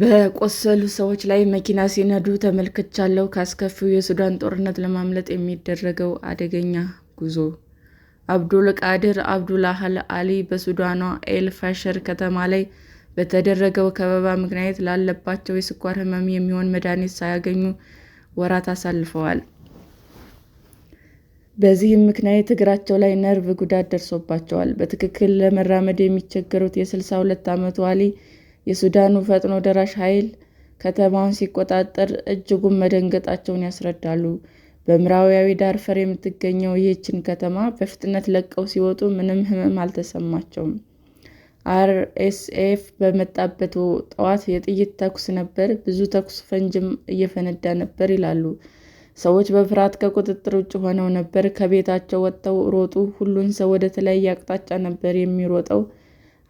በቆሰሉ ሰዎች ላይ መኪና ሲነዱ ተመልክቻለሁ። ካስከፊው የሱዳን ጦርነት ለማምለጥ የሚደረገው አደገኛ ጉዞ። አብዱል ቃድር አብዱላህል አሊ በሱዳኗ ኤል ፋሸር ከተማ ላይ በተደረገው ከበባ ምክንያት ላለባቸው የስኳር ህመም የሚሆን መድኃኒት ሳያገኙ ወራት አሳልፈዋል። በዚህም ምክንያት እግራቸው ላይ ነርቭ ጉዳት ደርሶባቸዋል። በትክክል ለመራመድ የሚቸገሩት የ62 ዓመቱ አሊ የሱዳኑ ፈጥኖ ደራሽ ኃይል ከተማውን ሲቆጣጠር እጅጉን መደንገጣቸውን ያስረዳሉ። በምዕራባዊ ዳርፈር የምትገኘው ይህችን ከተማ በፍጥነት ለቀው ሲወጡ ምንም ሕመም አልተሰማቸውም። አርኤስኤፍ በመጣበት ጠዋት የጥይት ተኩስ ነበር፣ ብዙ ተኩስ ፈንጅም እየፈነዳ ነበር ይላሉ። ሰዎች በፍርሃት ከቁጥጥር ውጭ ሆነው ነበር። ከቤታቸው ወጥተው ሮጡ። ሁሉን ሰው ወደ ተለያየ አቅጣጫ ነበር የሚሮጠው።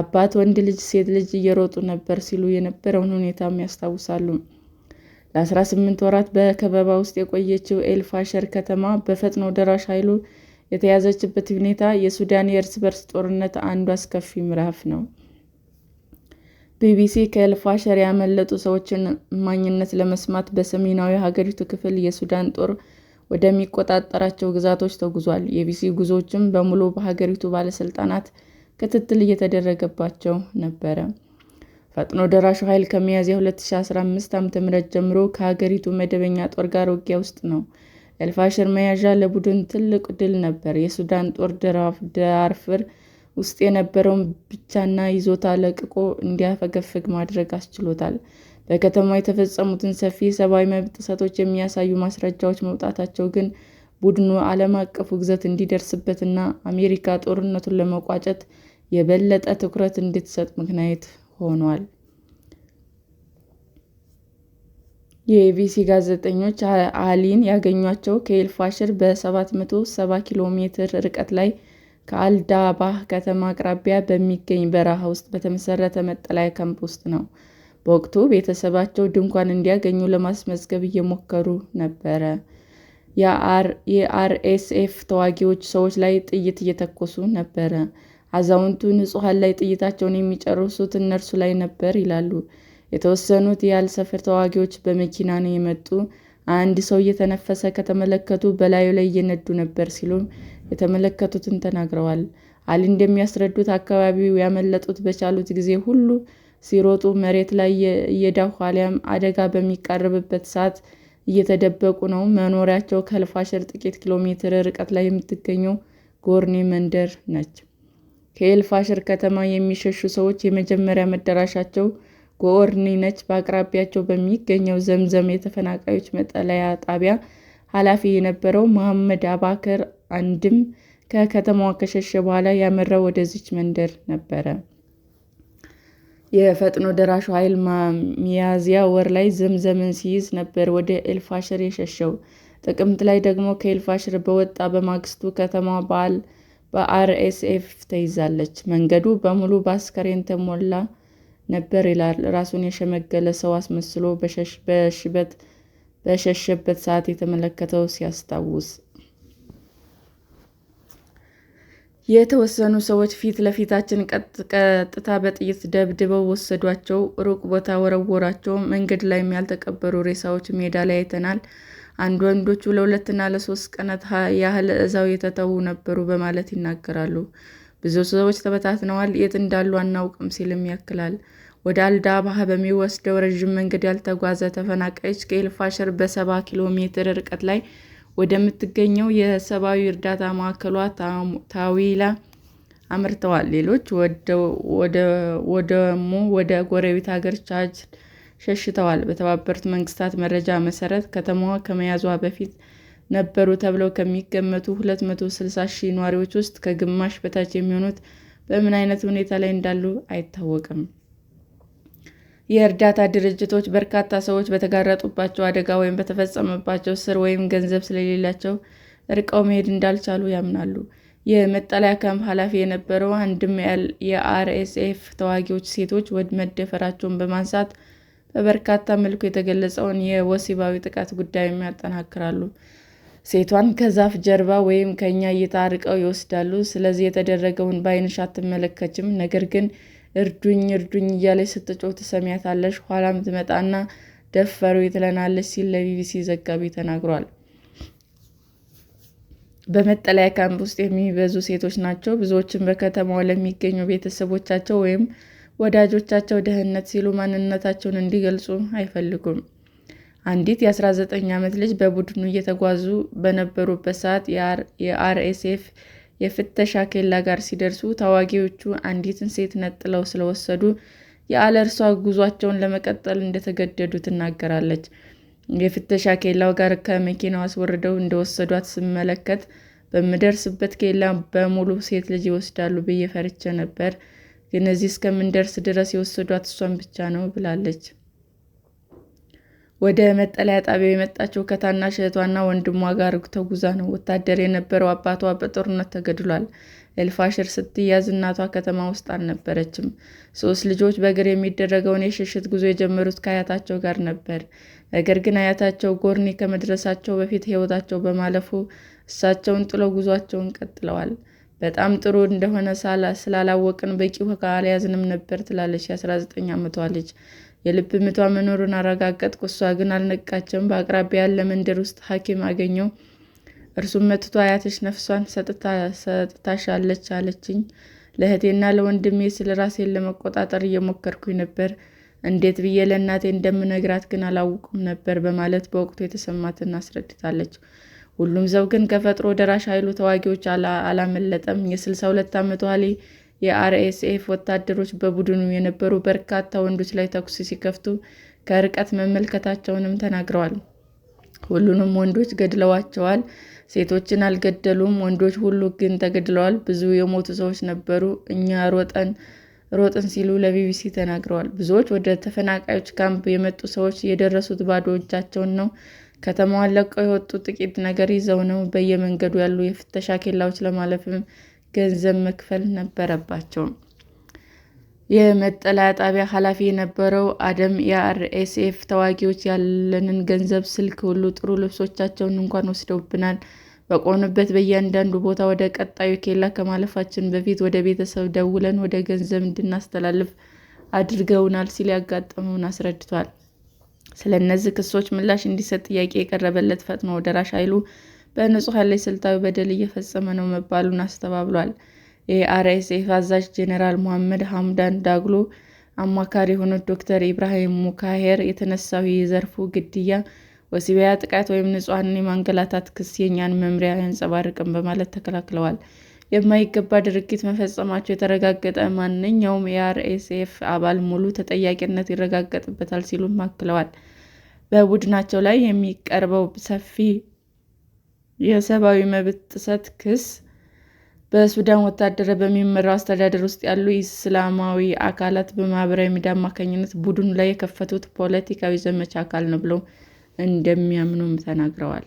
አባት፣ ወንድ ልጅ፣ ሴት ልጅ እየሮጡ ነበር ሲሉ የነበረውን ሁኔታም ያስታውሳሉ። ለ18 ወራት በከበባ ውስጥ የቆየችው ኤልፋሸር ከተማ በፈጥኖ ደራሽ ኃይሉ የተያዘችበት ሁኔታ የሱዳን የእርስ በርስ ጦርነት አንዱ አስከፊ ምዕራፍ ነው። ቢቢሲ ከኤልፋሸር ያመለጡ ሰዎችን እማኝነት ለመስማት በሰሜናዊ ሀገሪቱ ክፍል የሱዳን ጦር ወደሚቆጣጠራቸው ግዛቶች ተጉዟል። የቢቢሲ ጉዞዎችም በሙሉ በሀገሪቱ ባለስልጣናት ። ክትትል እየተደረገባቸው ነበረ። ፈጥኖ ደራሹ ኃይል ከሚያዝያ 2015 ዓ.ም ጀምሮ ከሀገሪቱ መደበኛ ጦር ጋር ውጊያ ውስጥ ነው። ኤልፋሽር መያዣ ለቡድን ትልቅ ድል ነበር። የሱዳን ጦር ዳርፉር ውስጥ የነበረውን ብቻና ይዞታ ለቅቆ እንዲያፈገፍግ ማድረግ አስችሎታል። በከተማ የተፈጸሙትን ሰፊ የሰብአዊ መብት ጥሰቶች የሚያሳዩ ማስረጃዎች መውጣታቸው ግን ቡድኑ ዓለም አቀፍ ውግዘት እንዲደርስበትና አሜሪካ ጦርነቱን ለመቋጨት የበለጠ ትኩረት እንድትሰጥ ምክንያት ሆኗል። የኢቢሲ ጋዜጠኞች አሊን ያገኟቸው ከኤልፋሽር በ770 ኪሎ ሜትር ርቀት ላይ ከአልዳባህ ከተማ አቅራቢያ በሚገኝ በረሃ ውስጥ በተመሰረተ መጠለያ ካምፕ ውስጥ ነው። በወቅቱ ቤተሰባቸው ድንኳን እንዲያገኙ ለማስመዝገብ እየሞከሩ ነበረ። የአርኤስኤፍ ተዋጊዎች ሰዎች ላይ ጥይት እየተኮሱ ነበረ። አዛውንቱ ንጹሐን ላይ ጥይታቸውን የሚጨርሱት እነርሱ ላይ ነበር ይላሉ። የተወሰኑት የአልሰፈር ተዋጊዎች በመኪና ነው የመጡ፣ አንድ ሰው እየተነፈሰ ከተመለከቱ በላዩ ላይ እየነዱ ነበር ሲሉም የተመለከቱትን ተናግረዋል። አሊ እንደሚያስረዱት አካባቢው ያመለጡት በቻሉት ጊዜ ሁሉ ሲሮጡ፣ መሬት ላይ እየዳሁ አሊያም አደጋ በሚቃርብበት ሰዓት እየተደበቁ ነው። መኖሪያቸው ከልፋሽር ጥቂት ኪሎ ሜትር ርቀት ላይ የምትገኘው ጎርኔ መንደር ነች። ከኤልፋሽር ከተማ የሚሸሹ ሰዎች የመጀመሪያ መዳረሻቸው ጎኦርኒ ነች። በአቅራቢያቸው በሚገኘው ዘምዘም የተፈናቃዮች መጠለያ ጣቢያ ኃላፊ የነበረው መሐመድ አባከር አንድም ከከተማዋ ከሸሸ በኋላ ያመራው ወደዚች መንደር ነበረ። የፈጥኖ ደራሹ ኃይል ሚያዝያ ወር ላይ ዘምዘምን ሲይዝ ነበር ወደ ኤልፋሽር የሸሸው። ጥቅምት ላይ ደግሞ ከኤልፋሽር በወጣ በማግስቱ ከተማ በዓል በአርኤስኤፍ ተይዛለች። መንገዱ በሙሉ በአስከሬን ተሞላ ነበር ይላል። ራሱን የሸመገለ ሰው አስመስሎ በሽበት በሸሸበት ሰዓት የተመለከተው ሲያስታውስ የተወሰኑ ሰዎች ፊት ለፊታችን ቀጥታ በጥይት ደብድበው ወሰዷቸው፣ ሩቅ ቦታ ወረወሯቸው። መንገድ ላይም ያልተቀበሩ ሬሳዎች ሜዳ ላይ አይተናል። አንድ ወንዶቹ ለሁለትና ለሶስት ቀናት ያህል እዛው የተተዉ ነበሩ በማለት ይናገራሉ። ብዙ ሰዎች ተበታትነዋል፣ የት እንዳሉ አናውቅም ሲልም ያክላል። ወደ አልዳባህ በሚወስደው ረዥም መንገድ ያልተጓዘ ተፈናቃዮች ከኤልፋሸር በሰባ ኪሎ ሜትር ርቀት ላይ ወደምትገኘው የሰብአዊ እርዳታ ማዕከሏ ታዊላ አምርተዋል። ሌሎች ወደሞ ወደ ጎረቤት ሀገር ቻድ ሸሽተዋል። በተባበሩት መንግስታት መረጃ መሰረት ከተማዋ ከመያዟ በፊት ነበሩ ተብለው ከሚገመቱ 260 ሺህ ነዋሪዎች ውስጥ ከግማሽ በታች የሚሆኑት በምን አይነት ሁኔታ ላይ እንዳሉ አይታወቅም። የእርዳታ ድርጅቶች በርካታ ሰዎች በተጋረጡባቸው አደጋ ወይም በተፈጸመባቸው ስር ወይም ገንዘብ ስለሌላቸው እርቀው መሄድ እንዳልቻሉ ያምናሉ። የመጠለያ ካምፕ ኃላፊ የነበረው አንድም የአርኤስኤፍ ተዋጊዎች ሴቶች መደፈራቸውን በማንሳት በበርካታ መልኩ የተገለጸውን የወሲባዊ ጥቃት ጉዳይም ያጠናክራሉ። ሴቷን ከዛፍ ጀርባ ወይም ከእኛ እይታ አርቀው ይወስዳሉ። ስለዚህ የተደረገውን በአይንሽ አትመለከችም። ነገር ግን እርዱኝ እርዱኝ እያለች ስትጮህ ትሰሚያታለሽ። ኋላም ትመጣና ደፈሩ ትለናለች ሲል ለቢቢሲ ዘጋቢ ተናግሯል። በመጠለያ ካምፕ ውስጥ የሚበዙ ሴቶች ናቸው። ብዙዎችም በከተማው ለሚገኙ ቤተሰቦቻቸው ወይም ወዳጆቻቸው ደህንነት ሲሉ ማንነታቸውን እንዲገልጹ አይፈልጉም። አንዲት የ19 ዓመት ልጅ በቡድኑ እየተጓዙ በነበሩበት ሰዓት የአርኤስኤፍ የፍተሻ ኬላ ጋር ሲደርሱ ታዋጊዎቹ አንዲትን ሴት ነጥለው ስለወሰዱ ያለ እርሷ ጉዟቸውን ለመቀጠል እንደተገደዱ ትናገራለች። የፍተሻ ኬላው ጋር ከመኪናው አስወርደው እንደወሰዷት ስመለከት በምደርስበት ኬላ በሙሉ ሴት ልጅ ይወስዳሉ ብዬ ፈርቼ ነበር ግን እዚህ እስከምንደርስ ድረስ የወሰዷት እሷን ብቻ ነው ብላለች። ወደ መጠለያ ጣቢያው የመጣችው ከታናሽ እህቷና ወንድሟ ጋር ተጉዛ ነው። ወታደር የነበረው አባቷ በጦርነት ተገድሏል። ኤልፋሽር ስትያዝ እናቷ ከተማ ውስጥ አልነበረችም። ሶስት ልጆች በእግር የሚደረገውን የሽሽት ጉዞ የጀመሩት ከአያታቸው ጋር ነበር። ነገር ግን አያታቸው ጎርኒ ከመድረሳቸው በፊት ሕይወታቸው በማለፉ እሳቸውን ጥሎ ጉዟቸውን ቀጥለዋል። በጣም ጥሩ እንደሆነ ስላላወቅን በቂ ውሃ አልያዝንም ነበር ትላለች የ19 ዓመቷ ልጅ። የልብ ምቷ መኖሩን አረጋገጥኩ። እሷ ግን አልነቃቸውም። በአቅራቢያ ያለ መንደር ውስጥ ሐኪም አገኘው። እርሱም መትቶ አያትሽ ነፍሷን ሰጥታሻለች አለችኝ። ለእህቴና ለወንድሜ ስለ ራሴን ለመቆጣጠር እየሞከርኩኝ ነበር። እንዴት ብዬ ለእናቴ እንደምነግራት ግን አላውቁም ነበር በማለት በወቅቱ የተሰማትን አስረድታለች። ሁሉም ሰው ግን ከፈጥኖ ደራሽ ኃይሉ ተዋጊዎች አላመለጠም። የ62 ዓመቱ አሊ የአርኤስኤፍ ወታደሮች በቡድኑ የነበሩ በርካታ ወንዶች ላይ ተኩስ ሲከፍቱ ከርቀት መመልከታቸውንም ተናግረዋል። ሁሉንም ወንዶች ገድለዋቸዋል። ሴቶችን አልገደሉም። ወንዶች ሁሉ ግን ተገድለዋል። ብዙ የሞቱ ሰዎች ነበሩ። እኛ ሮጠን ሮጥን ሲሉ ለቢቢሲ ተናግረዋል። ብዙዎች ወደ ተፈናቃዮች ካምፕ የመጡ ሰዎች የደረሱት ባዶ እጃቸውን ነው። ከተማዋን ለቀው የወጡ ጥቂት ነገር ይዘው ነው። በየመንገዱ ያሉ የፍተሻ ኬላዎች ለማለፍም ገንዘብ መክፈል ነበረባቸው። የመጠለያ ጣቢያ ኃላፊ የነበረው አደም የአርኤስኤፍ ተዋጊዎች ያለንን ገንዘብ፣ ስልክ ሁሉ፣ ጥሩ ልብሶቻቸውን እንኳን ወስደውብናል። በቆኑበት በእያንዳንዱ ቦታ ወደ ቀጣዩ ኬላ ከማለፋችን በፊት ወደ ቤተሰብ ደውለን ወደ ገንዘብ እንድናስተላልፍ አድርገውናል ሲል ያጋጠመውን አስረድቷል። ስለ እነዚህ ክሶች ምላሽ እንዲሰጥ ጥያቄ የቀረበለት ፈጥኖ ደራሽ ኃይሉ በንጹሐን ላይ ስልታዊ በደል እየፈጸመ ነው መባሉን አስተባብሏል። የአርኤስኤፍ አዛዥ ጄኔራል መሐመድ ሐምዳን ዳግሎ አማካሪ የሆኑት ዶክተር ኢብራሂም ሙካሄር የተነሳው የዘርፉ ግድያ፣ ወሲባዊ ጥቃት ወይም ንጹሐንን የማንገላታት ክስ የእኛን መምሪያ አያንጸባርቅም በማለት ተከላክለዋል። የማይገባ ድርጊት መፈጸማቸው የተረጋገጠ ማንኛውም የአርኤስኤፍ አባል ሙሉ ተጠያቂነት ይረጋገጥበታል ሲሉም አክለዋል። በቡድናቸው ላይ የሚቀርበው ሰፊ የሰብአዊ መብት ጥሰት ክስ በሱዳን ወታደር በሚመራው አስተዳደር ውስጥ ያሉ ኢስላማዊ አካላት በማህበራዊ ሚዲያ አማካኝነት ቡድኑ ላይ የከፈቱት ፖለቲካዊ ዘመቻ አካል ነው ብለው እንደሚያምኑም ተናግረዋል።